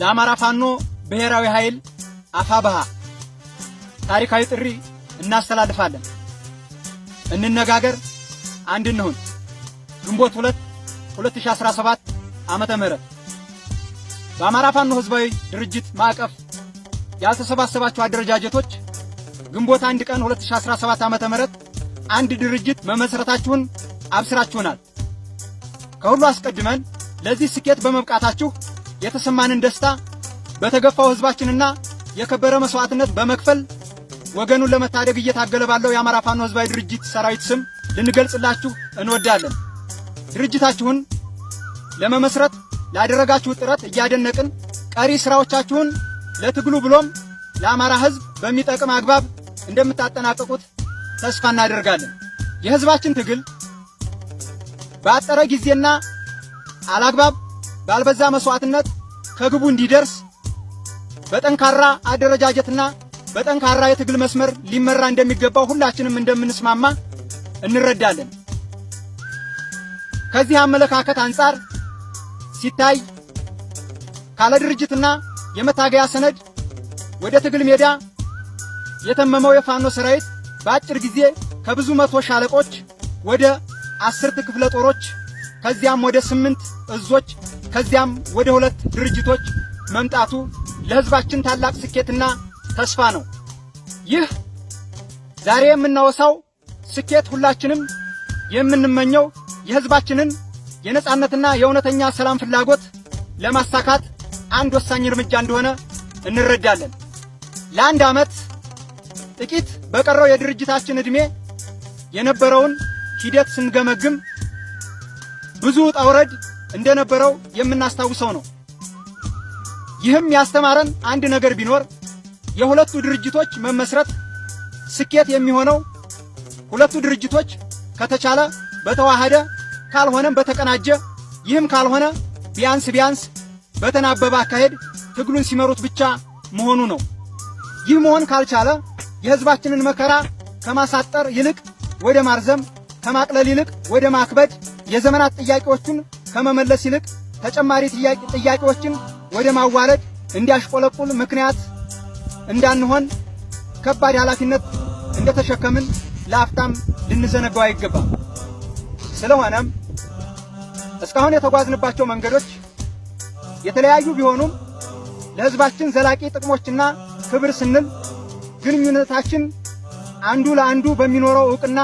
ለአማራ ፋኖ ብሔራዊ ኃይል አፋብሃ ታሪካዊ ጥሪ እናስተላልፋለን። እንነጋገር፣ አንድ እንሁን። ግንቦት 2 2017 ዓመተ ምህረት በአማራ ፋኖ ህዝባዊ ድርጅት ማዕቀፍ ያልተሰባሰባችሁ አደረጃጀቶች ግንቦት አንድ ቀን 2017 ዓመተ ምህረት አንድ ድርጅት መመስረታችሁን አብስራችሁናል። ከሁሉ አስቀድመን ለዚህ ስኬት በመብቃታችሁ የተሰማንን ደስታ በተገፋው ህዝባችንና የከበረ መስዋዕትነት በመክፈል ወገኑን ለመታደግ እየታገለ ባለው የአማራ ፋኖ ህዝባዊ ድርጅት ሰራዊት ስም ልንገልጽላችሁ እንወዳለን። ድርጅታችሁን ለመመስረት ላደረጋችሁ ጥረት እያደነቅን ቀሪ ስራዎቻችሁን ለትግሉ ብሎም ለአማራ ህዝብ በሚጠቅም አግባብ እንደምታጠናቀቁት ተስፋ እናደርጋለን። የህዝባችን ትግል በአጠረ ጊዜና አላግባብ ባልበዛ መስዋዕትነት ከግቡ እንዲደርስ በጠንካራ አደረጃጀትና በጠንካራ የትግል መስመር ሊመራ እንደሚገባው ሁላችንም እንደምንስማማ እንረዳለን። ከዚህ አመለካከት አንጻር ሲታይ ካለ ድርጅትና የመታገያ ሰነድ ወደ ትግል ሜዳ የተመመው የፋኖ ሰራዊት በአጭር ጊዜ ከብዙ መቶ ሻለቆች ወደ አስርት ክፍለ ጦሮች ከዚያም ወደ ስምንት እዞች ከዚያም ወደ ሁለት ድርጅቶች መምጣቱ ለሕዝባችን ታላቅ ስኬትና ተስፋ ነው። ይህ ዛሬ የምናወሳው ስኬት ሁላችንም የምንመኘው የሕዝባችንን የነጻነትና የእውነተኛ ሰላም ፍላጎት ለማሳካት አንድ ወሳኝ እርምጃ እንደሆነ እንረዳለን። ለአንድ ዓመት ጥቂት በቀረው የድርጅታችን ዕድሜ የነበረውን ሂደት ስንገመግም ብዙ ውጣ ውረድ እንደነበረው የምናስታውሰው ነው። ይህም ያስተማረን አንድ ነገር ቢኖር የሁለቱ ድርጅቶች መመስረት ስኬት የሚሆነው ሁለቱ ድርጅቶች ከተቻለ በተዋሃደ ካልሆነም በተቀናጀ ይህም ካልሆነ ቢያንስ ቢያንስ በተናበበ አካሄድ ትግሉን ሲመሩት ብቻ መሆኑ ነው። ይህ መሆን ካልቻለ የሕዝባችንን መከራ ከማሳጠር ይልቅ ወደ ማርዘም፣ ከማቅለል ይልቅ ወደ ማክበድ የዘመናት ጥያቄዎቹን ከመመለስ ይልቅ ተጨማሪ ጥያቄዎችን ወደ ማዋለድ እንዲያሽቆለቁል ምክንያት እንዳንሆን ከባድ ኃላፊነት እንደተሸከምን ለአፍታም ልንዘነጋው አይገባም። ስለሆነም እስካሁን የተጓዝንባቸው መንገዶች የተለያዩ ቢሆኑም ለሕዝባችን ዘላቂ ጥቅሞችና ክብር ስንል ግንኙነታችን አንዱ ለአንዱ በሚኖረው ዕውቅና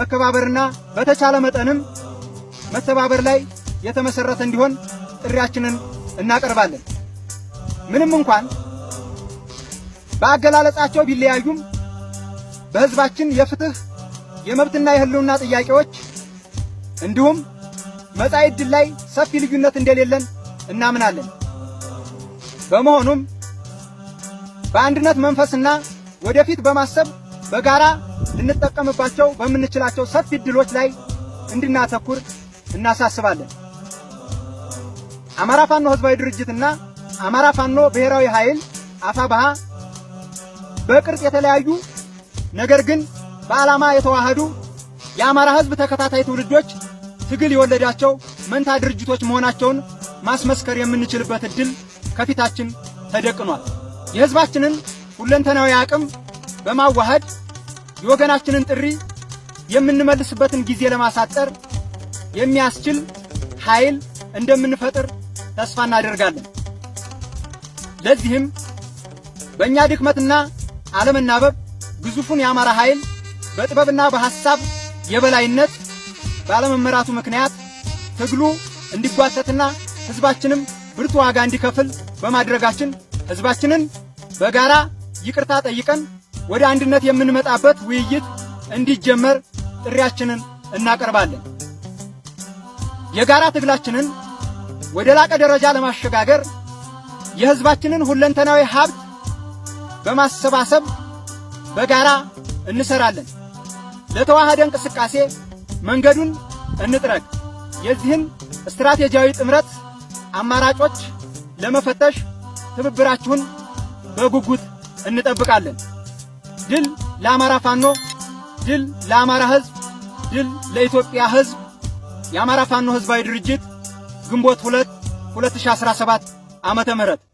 መከባበርና በተቻለ መጠንም መተባበር ላይ የተመሰረተ እንዲሆን ጥሪያችንን እናቀርባለን። ምንም እንኳን በአገላለጻቸው ቢለያዩም በሕዝባችን የፍትህ የመብትና የህልውና ጥያቄዎች እንዲሁም መጻኢ ዕድል ላይ ሰፊ ልዩነት እንደሌለን እናምናለን። በመሆኑም በአንድነት መንፈስና ወደፊት በማሰብ በጋራ ልንጠቀምባቸው በምንችላቸው ሰፊ ዕድሎች ላይ እንድናተኩር እናሳስባለን። አማራ ፋኖ ህዝባዊ ድርጅትና አማራ ፋኖ ብሔራዊ ኃይል አፋብሃ በቅርጽ የተለያዩ ነገር ግን በዓላማ የተዋሃዱ የአማራ ህዝብ ተከታታይ ትውልዶች ትግል የወለዳቸው መንታ ድርጅቶች መሆናቸውን ማስመስከር የምንችልበት እድል ከፊታችን ተደቅኗል። የህዝባችንን ሁለንተናዊ አቅም በማዋሃድ የወገናችንን ጥሪ የምንመልስበትን ጊዜ ለማሳጠር የሚያስችል ኃይል እንደምንፈጥር ተስፋ እናደርጋለን። ለዚህም በእኛ ድክመትና አለመናበብ ግዙፉን የአማራ ኃይል በጥበብና በሐሳብ የበላይነት ባለመመራቱ ምክንያት ትግሉ እንዲጓተትና ሕዝባችንም ብርቱ ዋጋ እንዲከፍል በማድረጋችን ሕዝባችንን በጋራ ይቅርታ ጠይቀን ወደ አንድነት የምንመጣበት ውይይት እንዲጀመር ጥሪያችንን እናቀርባለን። የጋራ ትግላችንን ወደ ላቀ ደረጃ ለማሸጋገር የህዝባችንን ሁለንተናዊ ሀብት በማሰባሰብ በጋራ እንሰራለን። ለተዋሃደ እንቅስቃሴ መንገዱን እንጥረግ። የዚህን ስትራቴጂያዊ ጥምረት አማራጮች ለመፈተሽ ትብብራችሁን በጉጉት እንጠብቃለን። ድል ለአማራ ፋኖ፣ ድል ለአማራ ህዝብ ድል ለኢትዮጵያ ህዝብ የአማራ ፋኖ ህዝባዊ ድርጅት ግንቦት 2 2017 ዓመተ ምህረት